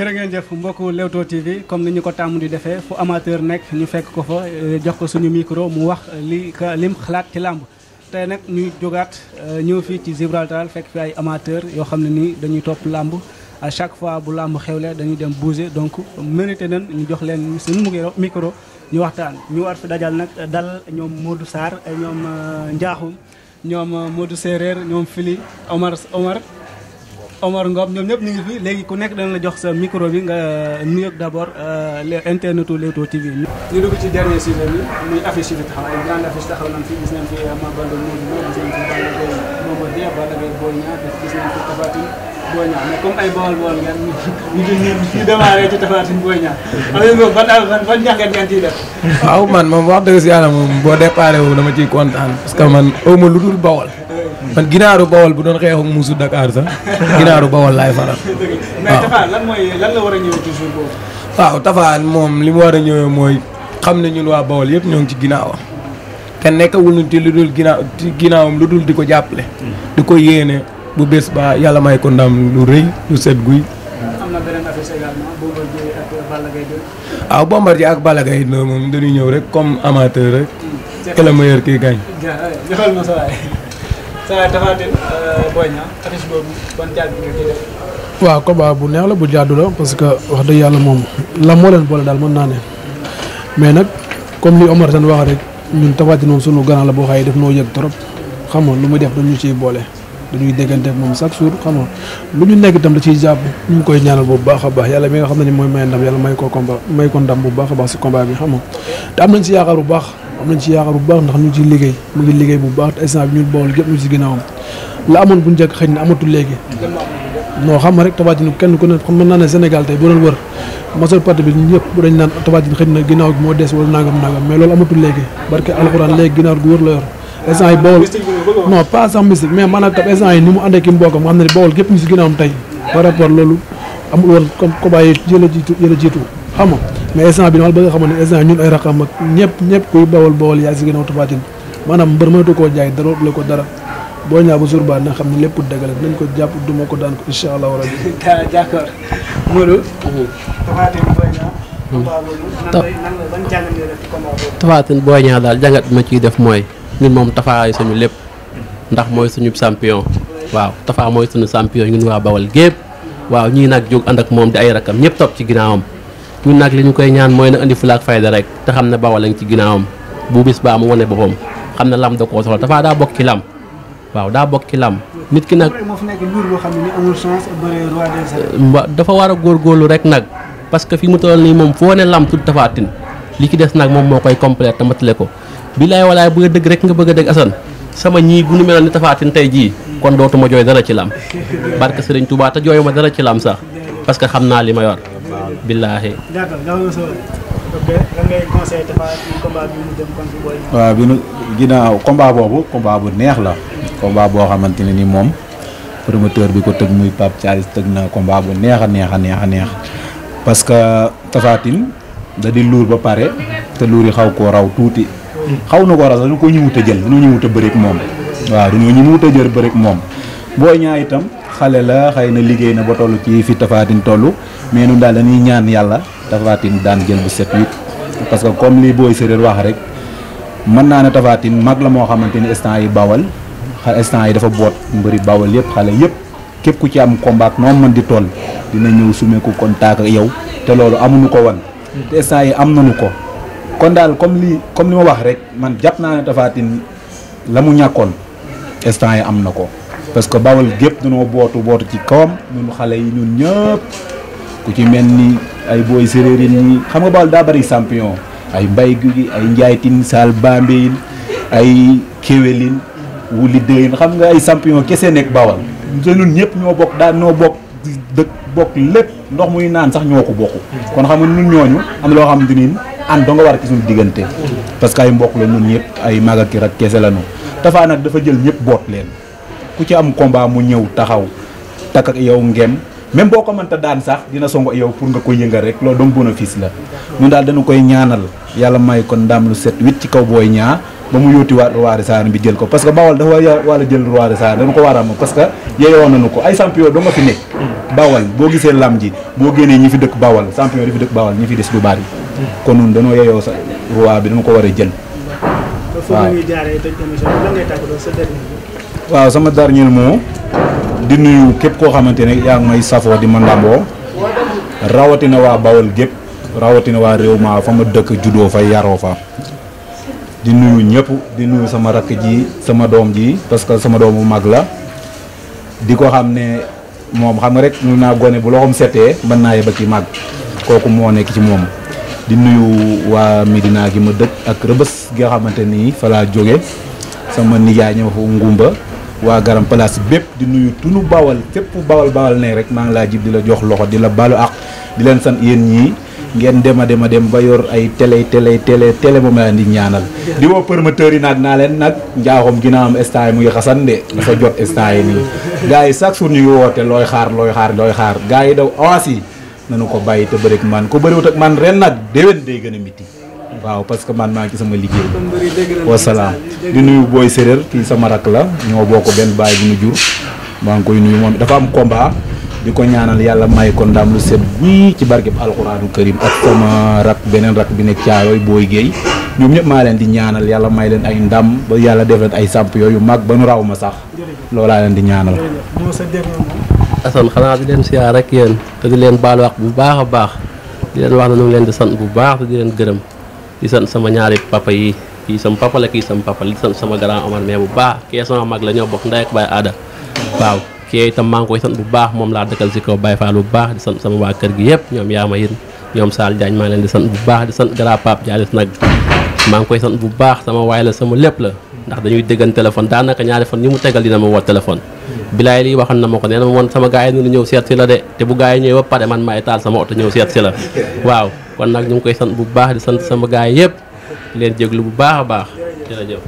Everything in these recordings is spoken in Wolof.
jërë ngeen mbokk mbokku Leewtoo TV comme ni ñu ko tàmm di defee fu amateur nekk ñu fekk ko fa euh, jox ko suñu micro mu wax lii li lim xalaat ci làmb tey nag ñuy jogaat euh, ñëw fii ci Gibraltar fekk fi ay amateur yoo xam ne nii dañuy topp làmb à chaque fois bu làmb xewle dañuy dem bouger donc mérité nañ ñu jox leen suñu micro ñu waxtaan ñu war fi dajal nag dal ñoom Modou Sarr ñoom euh, Ndiakhou ñoom Modou Séeréer ñoom Fili Omar Omar Omar Ngom ñoom ñëpp ñu ngi fi léegi ku nekk dana la jox sa micro bi nga euh, nuyoog d' abord euh, les internetu Leewtoo TV. ñu dugg ci dernier sujet bi muy affiche bi taxaw gis nañ fi Ama Baldé ay Bawol Bawol ngeen ñu ñu ñu démarré ci Tapha Tine Boy Niang. am wax dëgg si yàlla moom boo déparé wu dama ciy kontaan parce que man aw ma lu dul Bawol man ginaaru bawol bu doon xeexu muusu Dakar sax ginaaru bawol laay faral. mais Tapha waaw Tapha moom li mu war a ñëwee mooy xam ne ñun waa bawol yépp ñoo ngi ci ginnaawam. te nekkawul ñu ci lu dul ginaaw ci ginnaawam lu dul di ko jàppale. di ko yéene bu bés ba yàlla may ko ndam lu rëy lu set guy. am na beneen affiche ak Balla Gaye 2. waaw ñëw rek comme amateur rek. que hmm. le meilleur qui saa tafaatin euh, Boy Niang affiche boobu bu neex la bu jàddu la parce que wax dëgg yàlla moom la moo leen boole daal mën naa ne mais nag comme li Omar Sène wax rek ñun tafaatin moom sunu grand la boo xëyee def noo yëg trop xam nga lu muy def dañu ciy boole. dañuy déggante ak moom chaque jour xamoon nga lu ñu nekk itam da ciy jàpp ñu ngi koy ñaanal bu baax a baax yàlla mi nga xam ne ni mooy may ndam yàlla may ko combat may ko ndam bu baax a baax si combat bi xam nga te am nañ si yaakaar bu baax. am nañ ci yaakaar bu baax ndax ñu ngi ciy liggéey mu ngi liggéey bu baax te instant bi ñun Bawol ñu ci ginnaawam la amoon bu njëkk xëy na amatul léegi moo xam nga rek Tapha kenn ku ne xam mën naa ne Sénégal tey boo doon wër majeure partie bi ñëpp na ginnaaw moo des wala nangam nangam mais loolu amatul léegi barke alxuraan léegi ginnaaw gu wër la yor instant yi Bawol non pas sax mais maanaam tam instant yi ni mu àndee ki mbokkam nga xam ne Bawol gépp ñu ci ginnaawam tey par rapport loolu amul woon comme kobaay yëla jiitu xam nga mais instant bi na xam ba nga xamoon ne instant ñun ay raxam ak ñëpp ñëpp kuy bawol bawol yaay si gën a tafaatin maanaam mbër mënatu koo jaay dara la ko dara boo ñaa bu jour ba na xam ne lépp dëgg la nañ ko jàpp duma ko daan ko incha allahu rabi d'accord ñaa mhm. mhm. daal jàngat bi ma ciy def mooy ñun moom tafaay suñu lépp ndax mooy suñu champion waaw tafaa mooy suñu champion ñun waa bawal gépp waaw ñii nag jóg ànd ak moom di ay rakam ñëpp topp ci ginnaawam ñun nag li ñu koy ñaan mooy na indi fulaak fayda rek te xam ne Bawol lañ ci ginnaawam bu bis baa mu wane boppam xam ne lam da koo soxla dafa daa bokk ci lam waaw daa bokk ci lam nit ki nag dafa war a góor góorgóorlu rek nag parce que fi mu toll nii moom foo ne lam tudd tafaatin li ci des nag moom moo koy complété te matale ko bilaay walaay bëgg a dëgg rek nga bëgg a dëgg Assane sama ñii bu ñu meloon ni tafaatin tey jii kon dootuma jooy dara ci lam barke Sëriñ Tuubaa te jooyuma dara ci lam sax parce que xam naa li ma yor billaahi waaw bi nu ginnaaw combat boobu komba bu neex la combat boo xamante ne ni moom promoteur bi ko tëg muy Pape Thialis tëg na combat bu neex a neex a neex a neex parce que Tapha da di luur ba pare te luur yi xaw koo raw tuuti xaw na ko raw sax dañu ko ñëwut a jël dañoo ñëwut a bëreek moom waaw dañoo ñëwut a jël bëreek moom Boy Niang itam xale la xëy na liggéey na ba toll ci fi tafaatin toll mais ñun daal dañuy ñaan yàlla tafaatin daan jël bu set wit parce que comme li booy séréer wax rek mën naa ne tafaatin mag la moo xamante ni instant yi bawal instant yi dafa boot mbëri bawal yëpp xale yëpp képp ku ci am combat noo man di toll dina ñëw sumeeku kon ak yow te loolu amuñu ko wan te instant yi am nañu ko kon daal comme li comme li ma wax rek man jàpp naa ne tafaatin la mu ñàkkoon instant yi am na ko parce que bawal gépp dañoo bootu bootu ci kawam ñun xale yi ñun ñëpp ku ci mel ni ay booy séréer yi ñi xam nga bawal daa bari champion ay mbay gi ay njaaytin saal bambeyin ay kéwélin wuli dëyin xam nga ay champion kese nekk bawal te ñun ñëpp ñoo bokk daal ñoo bokk dëkk bokk lépp ndox muy naan sax ñoo ko bokk kon xam nga ñun ñooñu am loo xam ni ànd doo nga war ci suñu diggante parce que ay mbokk la ñun ñëpp ay mag ak kese la ñu Tapha dafa jël ñëpp boot leen ku ci am combat mu ñëw taxaw takk ak ngem même boo ko mënta daan sax dina songo yow pour nga ko yëngal rek loolu donc bénéfice la ñu daal dañu koy ñaanal yàlla may ko ndam lu set wit ci kaw booy ñaa ba mu yóoti waat roi des bi jël ko parce que bawal dafa war a jël roi des arènes ko war a am parce que yeyoon nañu ko ay champion doo nga fi nekk bawal boo gisee lam ji boo génnee ñi fi dëkk bawal champion yi dëkk bawal ñi fi a waaw sama dernier mot di nuyu képp koo xamante ne yaa ngi may safoo di ma ndàmboo rawatina waa Bawol gépp rawatina waa réew ma fa ma dëkk juddoo fa yaroo fa di nuyu ñëpp di nuyu sama rakk ji sama doom ji parce que sama doomu mag la di ko xam ne moom xam nga rek nu naa gone bu loxoom setee mën naa yeba ci mag kooku moo nekk ci moom di nuyu waa Medina gi ma dëkk ak rëbës gi nga xamante nii fa laa jóge sama nijaay ñëw fa ngumba waa garam place bépp di nuyu tunu bawal fépp bawal bawal ne rek maa ngi laa jib di la jox loxo di la balu ak di leen sant yéen ñii ngeen dem a dem a dem ba yor ay télé télé télé télé moom laa di ñaanal di woo promoteurs yi nag naa leen nag njaaxum dina am instant yi mu ngi xasan de dafa jot instant yi nii gars yi chaque jour ñu ngi woote looy xaar looy xaar looy xaar gars yi daw avance yi nanu ko bàyyi te bëri ak man ku bëriwut ak man ren nag déwén day gën a miti waaw parce que man maa ngi ci sama liggéey. wasalaam di nuyu booy séréer kii sama rak la ñoo bokk benn baay bu ñu jur. maa ngi koy nuyu moom dafa am combat di ko ñaanal yàlla may ko ndam lu set bii ci barkeb alxuraanu karim ak sama rak beneen rak bi nekk caayooy booy géey ñoom ñëpp maa leen di ñaanal yàlla may leen ay ndam ba yàlla def leen ay samp yooyu mag ba nu raw ma sax loolaa leen di ñaanal. asan xanaa di leen siyaar rek yéen te di leen baal bu baax a baax di leen leen di sant bu baax te leen gërëm di sant sama ñaari papa yi kii sama papa la kii sama papa di sant sama grand Omar mais bu baax kee sama mag la ñoo bokk ndey ak baay aada waaw kee itam maa ngi koy sant bu baax moom laa dëkkal si kaw Baye Fall bu baax di sant sama waa kër gi yëpp ñoom yaa ma yën ñoom Sall Diagne maa ngi leen di sant bu baax di sant grand Pape Dialis nag maa ngi koy sant bu baax sama waay la sama lépp la ndax dañuy déggan téléphone daanaka ñaari fon ñu mu tegal dina ma woo téléphone bilaay lii waxoon na ma ko nee na ma woon sama gars yi ñu ñëw seet si la de te bu gars yi ñëwee ba pare man maay taal sama oto ñëw seet si la waaw kon nag ñu ngi koy sant bu baax di sant sama gars yëpp leen jéglu bu baax a baax jërëjëf.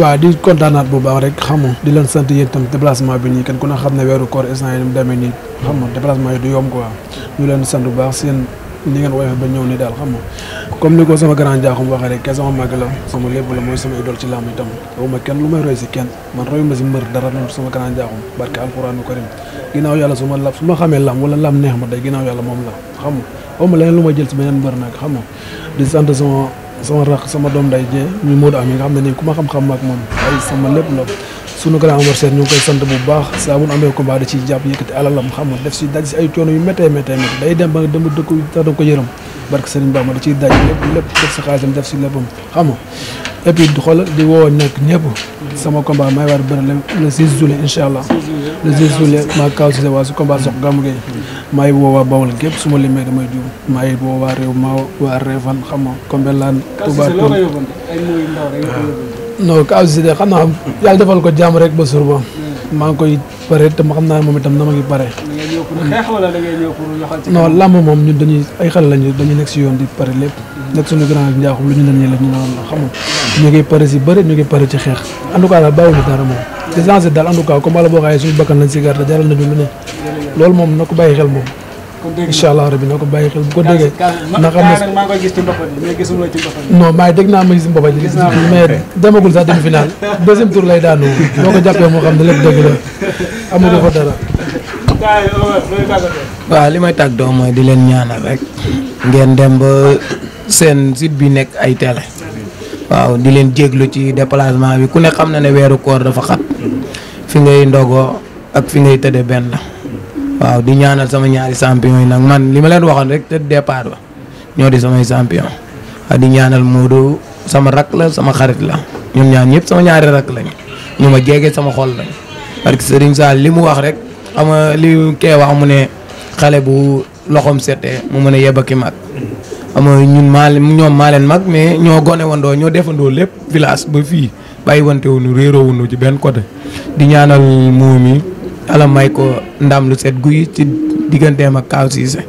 waaw di kontaanaat bu baax rek xam nga di leen sant yéen tam déplacement bi nii kenn ku ne xam ne weeru koor instant yi demee nii xam nga déplacement yi du yomb quoi ñu leen sant bu baax seen. ni ngeen woowee ba ñëw nii daal xam nga comme ni ko sama grand jaaxum waxee rek kee sama mag la sama lépp la mooy ma kenn lu may roy si kenn man royu ma si mbër dara su ma la su ma xamee ma day ginnaaw yàlla moom la xam nga ma leneen lu may jël si beneen mbër xam nga di sant sama sama rakk sama doom day jee ñu Modou am yi nga xam ne nii ku ma xam-xam ak moom ay sama lépp la sunu grand Omar Sène ñu ngi koy sant bu baax saa bu nu amee combat da ciy jàpp yëkkati alalam xam def si daj si ay coono yu méttee méttee méttee day dem ba dem dëkk sax danga ko yërëm barke Serigne Bamba da ciy daj lépp lépp def si xaalisam def si léppam xam nga et puis xoolal di woo nekk ñëpp sama combat may war bëri le 6 juillet incha allah le 6 juillet maa kaw si waa su combat sox gàmmu gay maa ngi woo waa Bawol gépp su ma limee damay juum maa ngi woo waa réew ma waa Réfane xam nga Kombelane Touba non Kaaw Cissé xam naa yàlla defal ko jàmm rek ba suur ba maa ngi koy pare te xam naa moom itam dama ngi pare. non làmb moom ñun dañuy ay xale lañu dañuy nekk si yoon di pare lépp. nekk suñu grand ak njaaxum lu ñu leen ñu naan la xam nga ñu ngi pare si bëri ñu ngi pare ci xeex en tout cas daal bàyyiwuñu dara moom. di lancer daal en tout cas comme boo xaayee suñu bakkan lañ si gerte jaral nañu lu ne moom na ko bàyyi xel moom incha allah rabi na ko bàyyi xel bu ko déggee. na xam ne maa ngi koy gis ci naa ma demagul sax demi final deuxième tour lay daanu boo ko jàppee moo xam ne ko dara. waaw li may tàggatoo mooy di leen ñaanal rek ngeen dem ba seen site bi nekk ay télé. waaw di leen jéglu ci déplacement bi ku ne xam na ne weeru koor dafa xat fi ngay ndogoo ak fi ngay tëdde benn la waaw di ñaanal sama ñaari champion yi nag man li ma leen waxoon rek te départ ba ñoo di samay champion di ñaanal sama rak la sama xarit la ñoom ñaan ñëpp sama ñaari rak lañ ñu ma jege sama xol lañ parce que Serigne Sall li mu wax rek xam li kee wax mu ne xale bu loxoom setee mu mën a yeb ki mag xam nga ñun maa ñoom maa leen mag mais ñoo gone wandoo ñoo defandoo lépp village fii bàyyi di ñaanal moom yi yàlla may ko ndam lu set guy ci digganteem ak Kaaw Cissé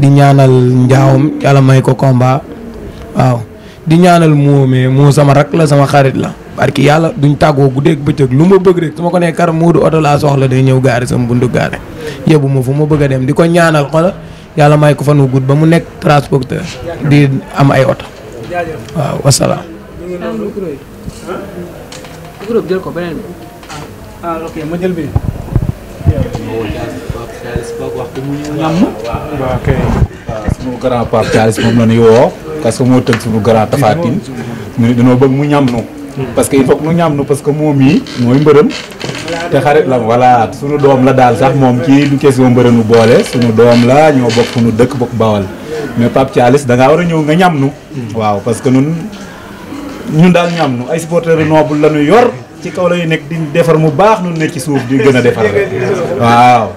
di ñaanal njaawam yàlla may ko combat waaw di ñaanal moomee moo sama rak la sama xarit la parce que yàlla duñ tàggoo guddeeg bëccëg lu ma bëgg rek su ma ko nee kar Moodu oto laa soxla day ñëw gaari sama buntu gaare yóbbu ma fu ma bëgg a dem di ko ñaanal xola yàlla may ko fan gudd ba mu nekk transporteur di am ay oto waaw wasalaam. waaw kay. suñu grand Pape Thialis moom la ñuy woo parce que moo tëgg suñu grand Tafatine ñu ne bëgg mu ñam nu parce que il faut que mu nu parce moom yi mooy mbërëm te xarit la voilà daal sax moom ci du question mbërëm nu boole suñu doom la ñoo bokk fu dëkk bokk bawal mais Pape Thialis da war a ñëw nga ñam nu waaw parce que ñun daal ñam nu ay supporteurs noble la ñu yor ci kaw lay nekk di defar mu baax nun ne ci suuf di gën a defar waaw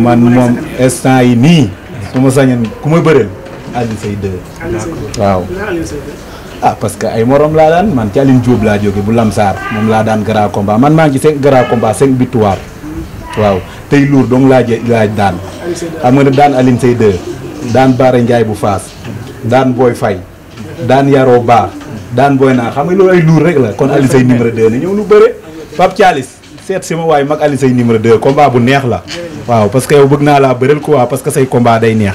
man moom instant yi nii su ma sañoon ku ma bëreel Alioune Seye 2 waaw ah parce que ay moroom laa daan man ci Alioune Diop laa jóge bu Lamsaar moom laa daan grand combat man maa ngi ci cinq grand combat cinq victoire waaw tey lour donc laa laaj daan xam nga ne daan Alioune Seye 2 daan Baara Ndiaye bu Faas daan Boy Faye daan Yaro baax daan booy naa xam nga loolu ay luur rek la kon Alioune Seye numéro 2 na ñëw lu bëre Pape Thialis seet si ma waaye mag Alioune Seye numéro 2 combat bu neex la waaw parce que yow bëgg naa laa bëreel quoi parce que say combat day neex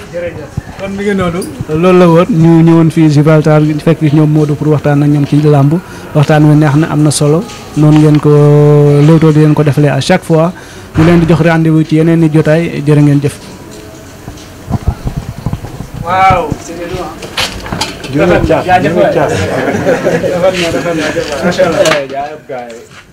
kon mi ngi loolu la woon ñu ñëwoon fii Gibraltar fekk fi ñoom Modou pour waxtaan ak ñoom ci làmb waxtaan wi neex na am na solo noonu ngeen ko Leewtoo di leen ko def defalee à chaque fois ñu leen di jox rendez-vous ci yeneen i jotaay jërë ngeen jëf waaw juróomi caas juróomi caas.